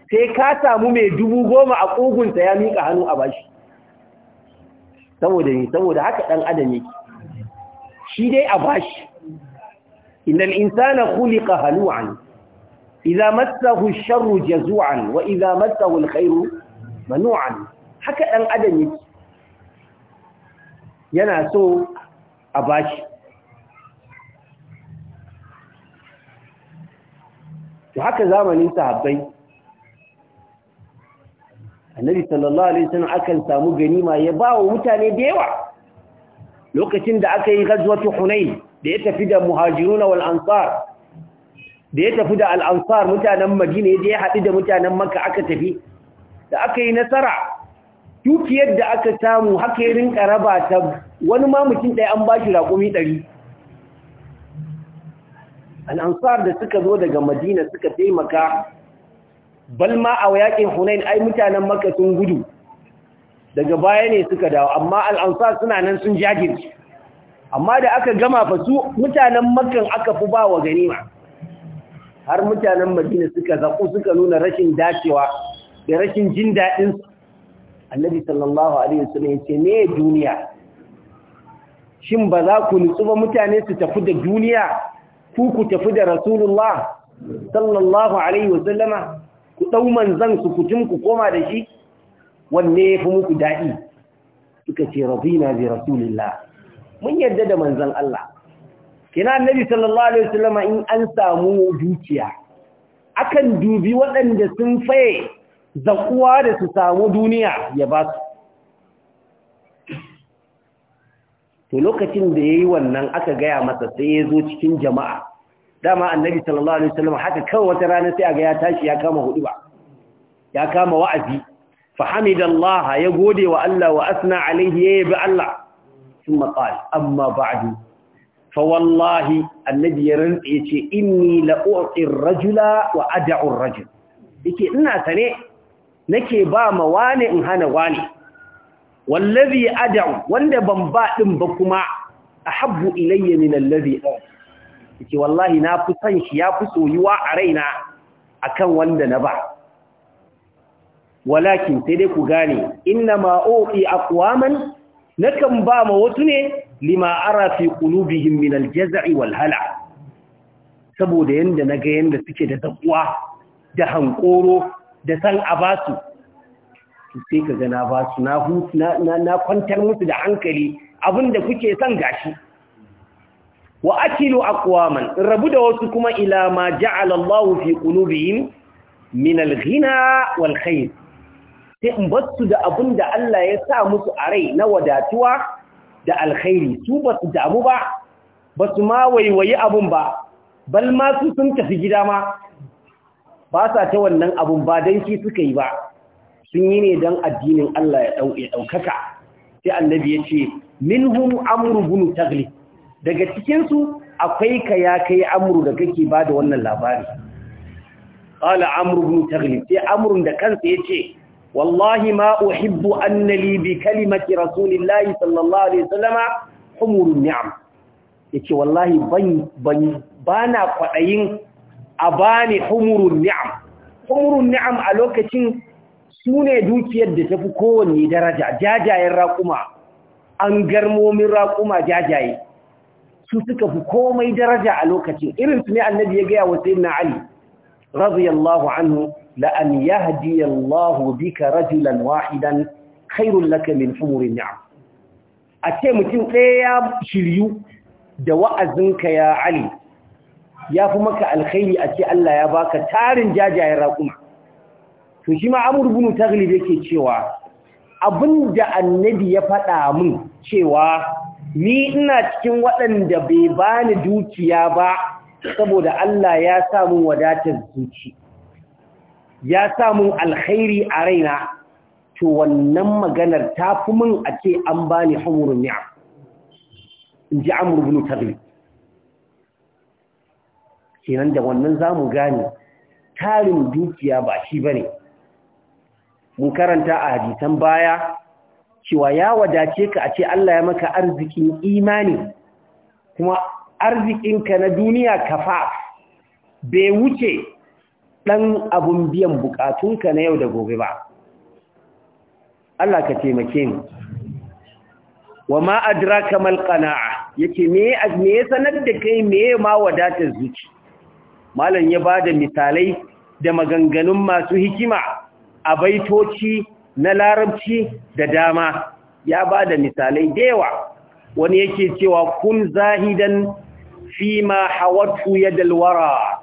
sai ka samu mai dubu goma a kogunta ya miƙa hannu a bashi saboda ne saboda haka ɗan adam yake shi dai a bashi innal insana khuliqa halu'an idza massahu ash-sharru jazu'an wa idza massahu alkhairu khairu manu'an haka ɗan adam yake yana so a bashi to haka zamanin sahabbai annabi sallallahu alaihi wasallam akan samu ganima ya ba wa mutane da yawa lokacin da aka yi ghazwatu hunain da ya tafi da muhajiruna wal ansar da ya tafi da al ansar mutanen madina da ya haɗu da mutanen makka aka tafi da aka yi nasara dukiyar da aka samu haka ya rinka raba ta wani ma mutum ɗaya an bashi raƙumi ɗari al'ansar da suka zo daga madina suka taimaka balma a yakin hunain ai mutanen makasin gudu daga baya ne suka dawo amma al'ansar suna nan sun jagirce amma da aka gama fa su mutanen makan aka fi ba wa gani ma har mutanen madina suka zaƙo suka nuna rashin dacewa da rashin jin daɗinsu annabi sallallahu alaihi wasallam ce ne duniya shin ba za ku nutsu ba mutane su tafi da duniya ku ku tafi da rasulullah sallallahu alaihi wasallama ku dau manzan su jin ku koma da shi wanne ya fi muku dadi suka ce radina bi rasulillah mun yarda da manzan Allah kina annabi sallallahu alaihi wasallama in an samu dukiya akan dubi waɗanda sun faye zakuwa da su samu duniya ya ba su to lokacin da ya yi wannan aka gaya masa sai ya zo cikin jama'a dama annabi sallallahu alaihi wasallam haka kawai wata rana sai aga ya tashi ya kama hudu ba? ya kama wa'azi fa hamidallah ya gode wa Allah wa asna alaihi ya yabi Allah thumma qala amma ba'du fa wallahi annabi ya rantsa yace inni la u'ti ar-rajula wa ad'u ar-rajul yake ina sane nake ba ma wani in hana wane wallazi ad'u wanda ban ba din ba kuma ahabbu ilayya min allazi u'ti yace wallahi na fi son shi ya fi soyuwa a raina akan wanda na ba walakin sai dai ku gane ma'o'i a kuwaman na kan ba ma wasu ne lima arafi fi qulubihim min walhala. Saboda yadda na ga yanda suke da takwa da hankoro da san a su sai kaga na basu na na kwantar musu da hankali da kuke son gashi wa akilu aqwaman rabu da wasu kuma ila ma ja'ala Allah fi qulubihim min al-ghina wal khair sai in basu da abinda Allah ya sa musu a rai na wadatuwa da alkhairi su basu damu ba basu ma waiwayi abun ba bal ma su sun tafi gida ma ba sa ta wannan abun ba dan shi suka yi ba sun yi ne dan addinin Allah ya daukaka sai annabi ya ce minhum amru bunu taglib daga cikinsu akwai ka ya kai amuru da kake ba da wannan labari ƙala amuru bin taglib sai amurun da kansa ya ce wallahi ma uhibbu annali bi kalimati rasulillahi sallallahu alaihi wasallama humurun ni'am yace wallahi ban ban bana kwadayin a bani humurun ni'am humurun ni'am a lokacin sune dukiyar da tafi kowanne daraja jajayen raƙuma an garmomin raƙuma jajaye su suka fi komai daraja a lokacin irin su ne annabi ya gaya wa sayyidina ali radiyallahu anhu la an yahdi Allah bika rajulan wahidan khairul laka min humurin ni'am a ce mutum ɗaya ya shiryu da wa'azinka ya ali ya fi maka alkhairi a ce Allah ya baka tarin jajayen raƙuma to shi ma amur ta taglib yake cewa abinda annabi ya faɗa min cewa ni ina cikin waɗanda bai bani dukiya ba saboda Allah ya sa samu wadatar zuci ya sa mun alkhairi a raina to wannan maganar ta fi min a ce an bani hamurun ni'am in ji amur bin taglib kenan da wannan za mu gane tarin dukiya ba shi ba ne mun karanta a hadisan baya cewa ya wadace ka a ce Allah ya maka arzikin imani kuma arzikinka na duniya kafa bai wuce ɗan abun biyan bukatunka na yau da gobe ba Allah ka taimake mu wa ma adraka ƙana'a qana'a yace me sanar da kai me ma wadatar zuci malam ya bada misalai da maganganun masu hikima a baitoci na larabci da dama ya ba da misalai da yawa wani yake cewa kun zahidan fi ma hawatu ya dalwara?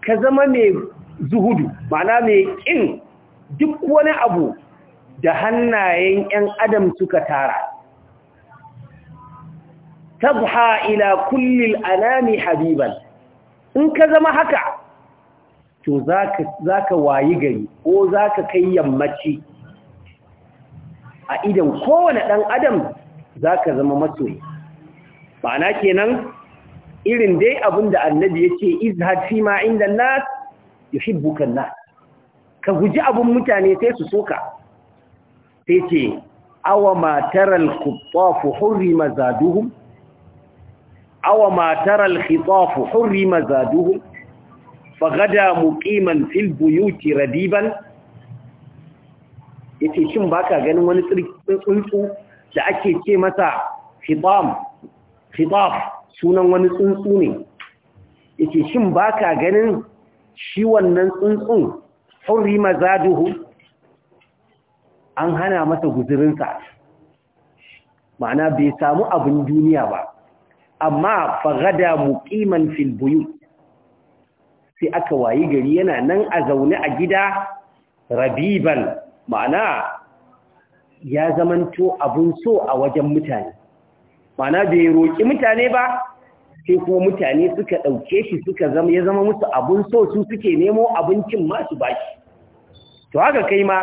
ka zama mai zuhudu ma'ana mai ƙin duk wani abu da hannayen 'yan adam suka tara tabha ila kullil anami habiban in ka zama haka to za ka wayi gari ko za ka kai yammaci a idan kowane ɗan adam za ka zama masoyi ma'ana kenan irin dai abin da annabi ya ce izhad fi ma inda nas yuhibbuka nas ka guji abin mutane sai su soka sai ce awa mataral taral hurri hurrima zaduhum awa ma taral khitafu fagada muqiman fil buyuti radiban Yake shin baka ganin wani tsuntsu da ake ce masa khitam sunan wani tsuntsu ne yake shin baka ganin shi wannan tsuntsun hurrima mazaduhu an hana masa guzurinsa ma'ana bai samu abin duniya ba amma fagada muqiman fil buyut sai aka wayi gari yana nan a zaune a gida rabiban ma'ana ya zamanto abun so a wajen mutane ma'ana bai roƙi mutane ba sai kuma mutane suka ɗauke shi suka zama ya zama musu abun so su suke nemo abincin masu baki. to haka kai ma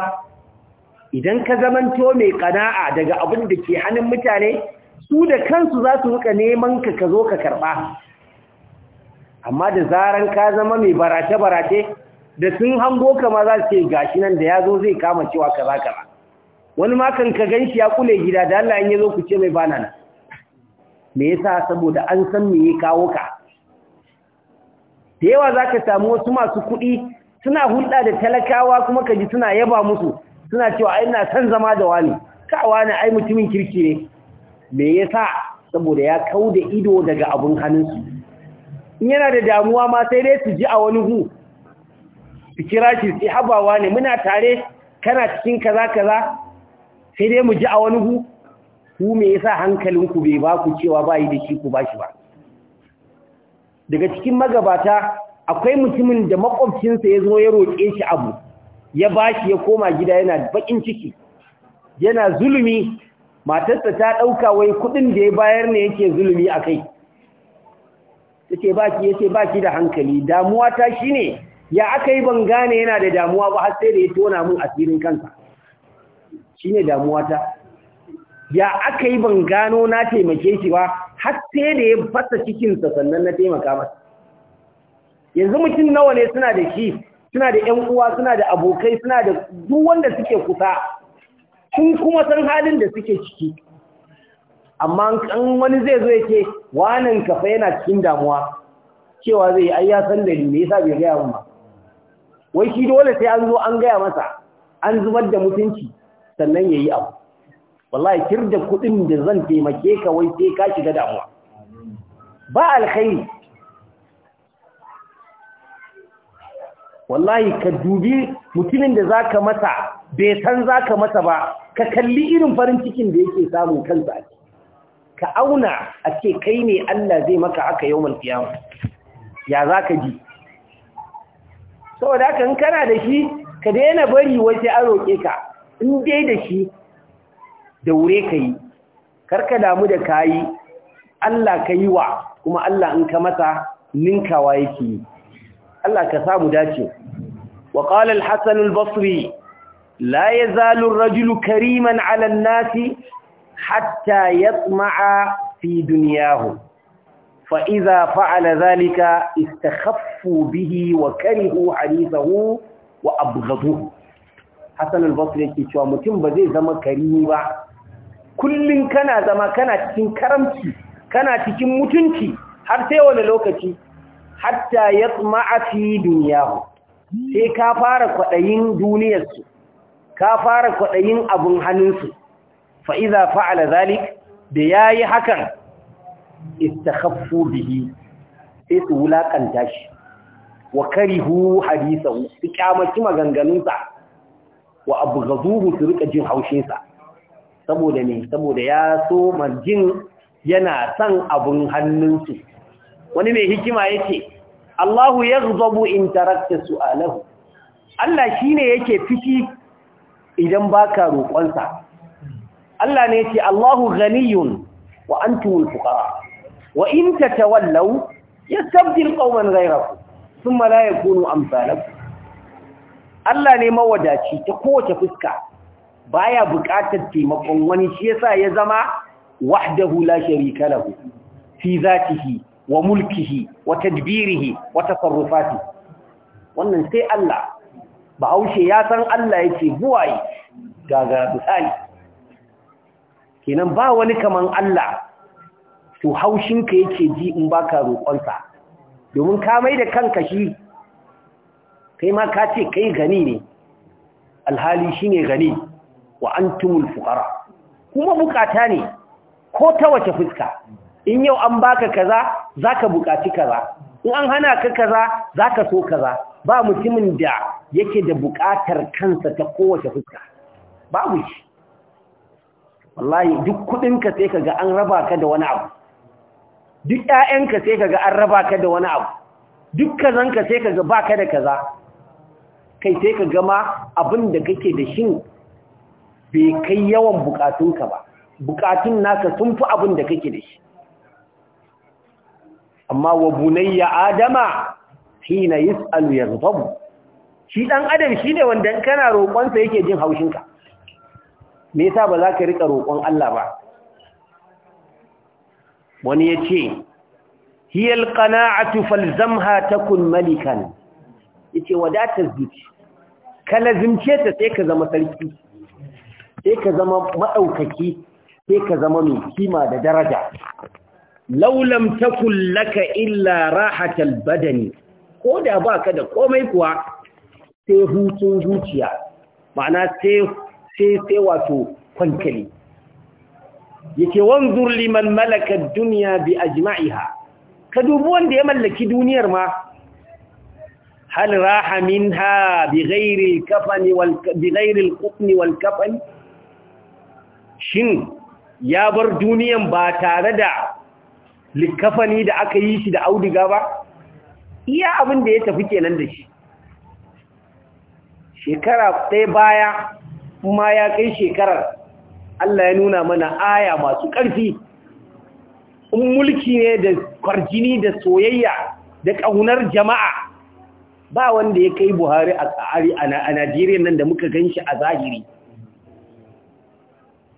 idan ka zamanto mai ƙana'a daga abin da ke hannun mutane su da kansu za su ruka neman ka ka zo ka karɓa amma da zaran ka zama mai barace-barace da sun hango kama za su ce gashi nan da ya zo zai kama cewa kaza kaza wani makan ka gan shi ya kule gida da Allah in ya zo ku ce mai bana nan me yasa saboda an san me ya kawo ka da yawa za samu wasu masu kuɗi suna hulɗa da talakawa kuma ka ji suna yaba musu suna cewa ai ina son zama da wani ka wani ai mutumin kirki ne me yasa saboda ya kau da ido daga abun hannunsu in yana da damuwa ma sai dai su ji a wani hu kira shi sai habawa ne muna tare kana cikin kaza kaza sai dai mu ji a wani hu ku me yasa hankalinku bai ba ku cewa ba yi da shi ku bashi ba daga cikin magabata akwai mutumin da makwabcinsa ya zo ya roƙe shi abu ya bashi ya koma gida yana bakin ciki yana zulumi matarsa ta ɗauka wai kuɗin da ya bayar ne yake zulumi akai, kai ta ba ki ya ce ba ki da hankali damuwa ta shi ne ya aka yi ban gane yana da damuwa ba har sai da ya tona mun asirin kansa shine damuwa ta ya aka yi ban gano na taimake shi ba har sai da ya fasa cikinsa sannan na taimaka masa yanzu mutum nawa ne suna da shi suna da ƴan uwa suna da abokai suna da duk wanda suke kusa kun kuma san halin da suke ciki amma an wani zai zo ya ce wanan kafa yana cikin damuwa cewa zai ai ya san dalili me yasa bai gaya mun ba wai shi dole sai an zo an gaya masa an zubar da mutunci sannan ya yi abu wallahi kir da kuɗin da zan taimake ka wai sai ka shiga damuwa ba alkhairi wallahi ka dubi mutumin da za ka masa bai san za ka masa ba ka kalli irin farin cikin da yake samun kansa a ka auna a ce kai ne Allah zai maka haka yau malfiyama ya za ka ji saboda haka in kana da shi ka daina bari wai sai an roƙe ka in dai da shi da wure ka yi karka damu da ka yi Allah ka yi wa kuma Allah in ka masa ninkawa yake yi Allah ka samu dace wa qala al-hasan al-basri la yazalu ar-rajulu kariman 'ala an-nasi hatta yatma'a fi dunyahu فإذا فعل ذلك استخفوا به وكرهوا حديثه وأبغضوه حسن البصري yake cewa mutum ba zai zama kari ba Kullum kana zama kana cikin karamci kana cikin mutunci har sai wani lokaci hatta yatma'a fi dunyahu sai ka fara kwadayin duniyarsu ka fara kwadayin abun hannunsu fa iza fa'ala zalik da yayi hakan istakhaffu bihi sai su wulakanta shi wa karihu hadisahu su kyamaci maganganunsa wa abghazuhu su rika jin haushinsa saboda ne saboda ya so marjin yana san abun hannunsu wani mai hikima yake Allahu yaghzabu in tarakta su'alahu Allah shine yake fiki idan baka roƙonsa Allah ne yake Allahu ghaniyun wa antumul fuqara wa in tatawallaw yastabdil qauman ghayrakum thumma la yakunu amsalakum Allah ne mawadaci ta kowace fuska baya buƙatar taimakon wani shi yasa ya zama wahdahu la sharika lahu fi zatihi wa mulkihi wa tadbirihi wa tasarrufati wannan sai Allah bahaushe ya san Allah yake buwaye gaga misali kenan ba wani kaman Allah to haushinka yake ji in baka roƙonsa domin ka mai da kanka shi kai ma ka ce kai gani ne alhali shine gani wa antumul fuqara kuma bukata ne ko ta wace fuska in yau an baka kaza zaka bukaci kaza in an hana ka kaza zaka so kaza ba mutumin da yake da buƙatar kansa ta kowace fuska babu shi wallahi duk kudinka sai ka ga an raba ka da wani abu duk ƴaƴanka sai kaga an raba ka da wani abu duk kazanka sai kaga baka da kaza kai sai kaga ma abin da kake da shin bai kai yawan bukatunka ba bukatun naka sun fi abin da kake da shi amma wa bunayya adama hina yas'alu mu, shi dan adam shine wanda kana roƙonsa yake jin haushinka me yasa ba za ka rika roƙon Allah ba wani ya ce hiyar ƙana'atu falzamha ta kun malikan ya ce wadatar zuci Kala zince ta sai ka zama sarki sai ka zama ma'aukaki, sai ka zama mai kima da daraja laulam ta kullaka illa rahatal badani ko da ba ka da komai kuwa sai hutun zuciya ma'ana sai wato kwankali yake wanzur liman malaka dunya bi ajma'iha ka dubi wanda ya mallaki duniyar ma hal raha minha bi ghairi kafani wal bi ghairi al-qutni wal kafani shin ya bar duniyan ba tare da likafani da aka yi shi da auduga ba iya abin da ya tafi kenan da shi shekara ɗaya baya kuma ya kai shekarar Allah ya nuna mana aya masu ƙarfi in mulki ne da kwarjini da soyayya da ƙaunar jama'a ba wanda ya kai buhari a tsari a najeriya nan da muka gan shi a zahiri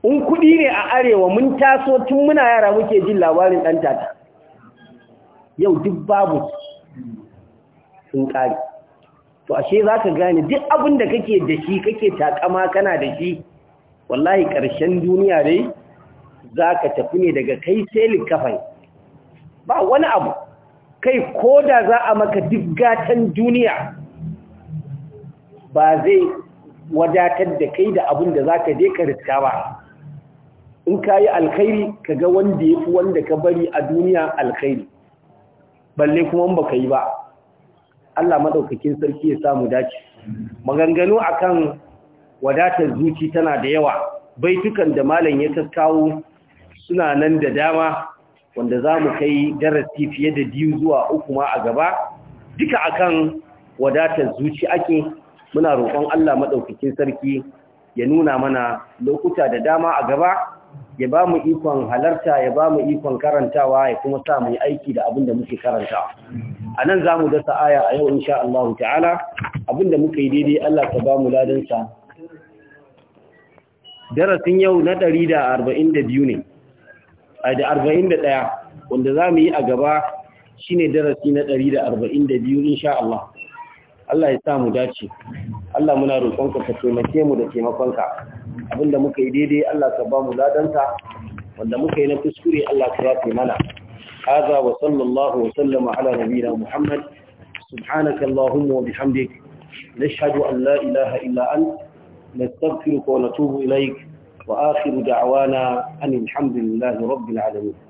in kuɗi ne a arewa mun taso tun muna yara muke jin labarin ɗan tata yau duk babu sun ƙari to ashe za ka gane duk abin da kake da shi kake takama kana da shi wallahi ƙarshen duniya dai za ka tafi ne daga kai sai kafai ba wani abu kai ko da za a maka duk gatan duniya ba zai wadatar da kai da abin da za ka je ka riska ba in ka yi alkhairi ka ga wanda ya fi wanda ka bari a duniya alkhairi balle kuma ba ka yi ba Allah maɗaukakin sarki ya samu dace maganganu akan wadatar zuci tana da yawa baitukan da malam ya kawo suna nan da dama wanda za mu kai darasi fiye da biyu zuwa uku ma a gaba duka akan wadatar zuci ake muna roƙon Allah maɗaukakin sarki ya nuna mana lokuta da dama a gaba ya ba mu ikon halarta ya ba mu ikon karantawa ya kuma sa mu aiki da abin da muke karantawa a nan za mu dasa aya a yau insha Allah ta'ala abin da muka yi daidai Allah ta ba mu ladansa darasin yau na ɗari da arba'in da biyu ne da arba'in da ɗaya wanda za mu yi a gaba shi ne darasi na ɗari da arba'in da biyu insha Allah Allah ya sa mu dace Allah muna roƙonka ka taimake mu da taimakonka abinda muka yi daidai Allah ka ba mu ladanta wanda muka yi na kuskure Allah ka yafe mana hada wa sallallahu wa sallama ala nabiyina Muhammad subhanaka allahumma wa bihamdik nashhadu an la ilaha illa anta نستغفرك ونتوب إليك وآخر دعوانا أن الحمد لله رب العالمين